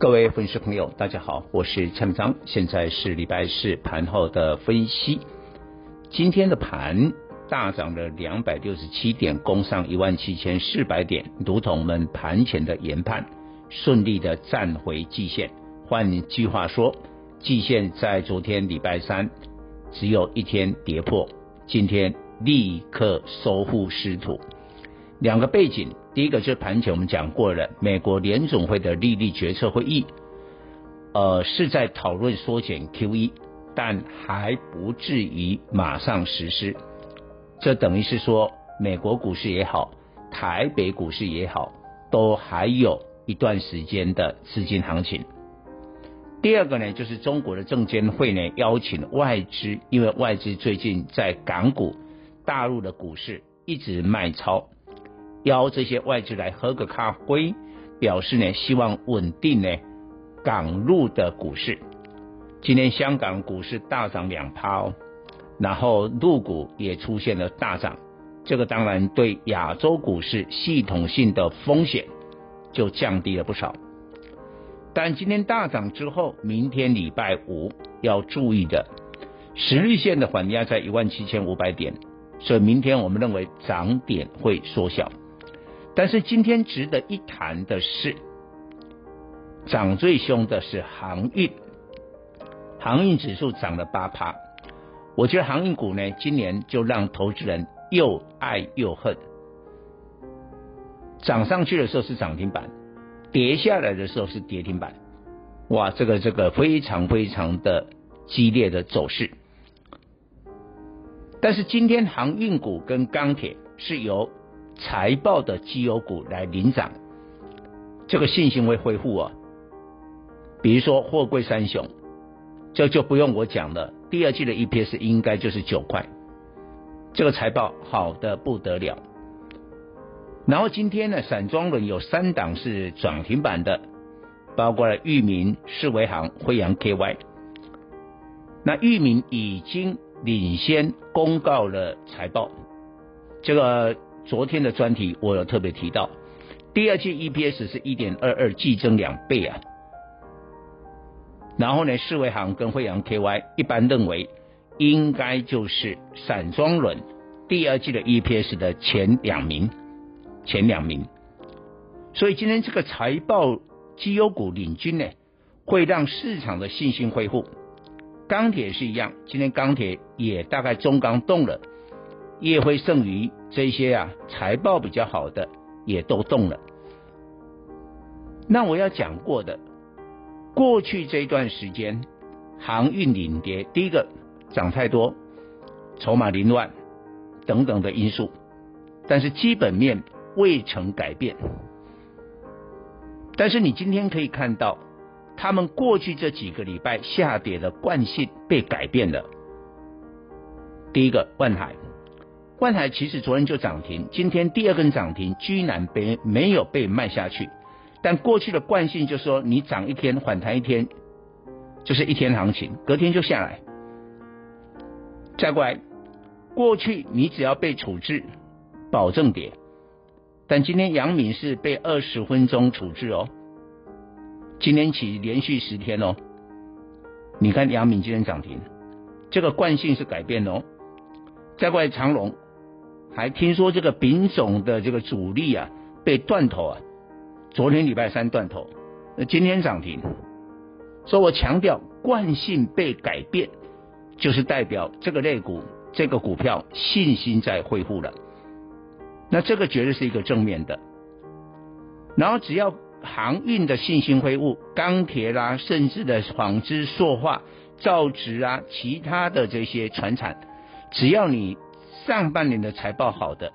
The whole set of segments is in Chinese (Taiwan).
各位粉絲朋友，大家好，我是蔡明彰，現在是禮拜四盤後的分析。今天的盤大漲了兩百六十七點，攻上一萬七千四百點，如同我們盤前的研判，順利的站回季線。換句話說，季線在昨天禮拜三只有一天跌破，今天立刻收復失土。兩個背景，第一個就是盤前我們講過了，美國聯總會的利率決策會議，呃，是在討論縮減 QE，但還不至於馬上實施。這等於是說，美國股市也好，台北股市也好，都還有一段時間的資金行情。第二個呢，就是中國的證監會呢，邀請外資，因為外資最近在港股、大陸的股市一直賣超。邀這些外資來喝個咖啡，表示呢，希望穩定呢港陸的股市。今天香港股市大漲兩趴，哦，然後陸股也出現了大漲，這個當然對亞洲股市系統性的風險就降低了不少。但今天大漲之後，明天禮拜五要注意的，十日線的反壓在一萬七千五百點，所以明天我們認為漲點會縮小。但是今天值得一談的是，漲最凶的是航運，航運指數漲了八趴。我覺得航運股呢，今年就讓投資人又愛又恨，漲上去的時候是漲停板，跌下來的時候是跌停板，哇，這個這個非常非常的激烈的走勢。但是今天航運股跟鋼鐵是由財報的績優股來領漲，這個信心會恢復啊。比如說貨櫃三雄，這就不用我講了，第二季的 EPS 應該就是九塊，這個財報好的不得了。然後今天呢，散裝輪有三檔是漲停板的，包括了裕民、四維航、慧洋 KY。那裕民已經領先公告了財報，這個。昨天的專題，我有特別提到，第二季 EPS 是1.22，季增兩倍啊。然後呢，四維航跟慧洋 KY 一般認為，應該就是散裝輪第二季的 EPS 的前兩名，前兩名。所以今天這個財報績優股領軍呢，會讓市場的信心恢復。鋼鐵是一樣，今天鋼鐵也大概中鋼動了。業輝剩餘這些啊，財報比較好的也都動了。那我要講過的，過去這一段時間航運領跌，第一個漲太多，籌碼凌亂等等的因素，但是基本面未曾改變。但是你今天可以看到，他們過去這幾個禮拜下跌的慣性被改變了。第一個萬海。萬海其實昨天就漲停，今天第二根漲停居然被沒有被賣下去。但過去的慣性就是說你漲一天，反彈一天，就是一天行情，隔天就下來。再過來，過去你只要被處置，保證跌。但今天陽明是被二十分鐘處置哦，今天起連續十天哦。你看陽明今天漲停，這個慣性是改變哦。再過來長榮。還聽說這個丙種的這個主力啊被斷頭啊，昨天禮拜三斷頭，那今天漲停，所以我強調慣性被改變，就是代表這個類股這個股票信心在恢復了，那這個絕對是一個正面的。然後只要航運的信心恢復，鋼鐵啦，甚至的紡織、塑化、造紙啊，其他的這些傳產，只要你。上半年的財報好的，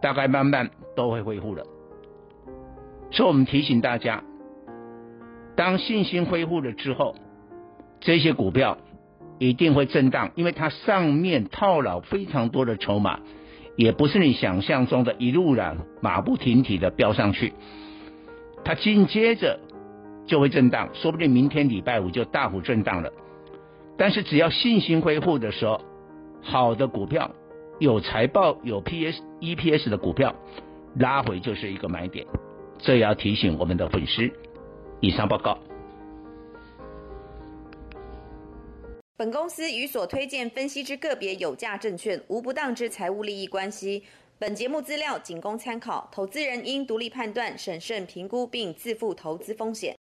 大概慢慢都會恢復了，所以我們提醒大家，當信心恢復了之後，這些股票一定會震盪，因為它上面套牢非常多的籌碼，也不是你想象中的一路然，馬不停蹄的飆上去，它緊接着就會震盪，說不定明天禮拜五就大幅震盪了。但是只要信心恢復的時候，好的股票。有財報、有 PS、EPS 的股票，拉回就是一個買點。這也要提醒我們的粉絲。以上報告。本公司與所推薦分析之個別有價證券，無不當之財務利益關係。本節目資料僅供參考，投資人應獨立判斷、審慎評估並自負投資風險。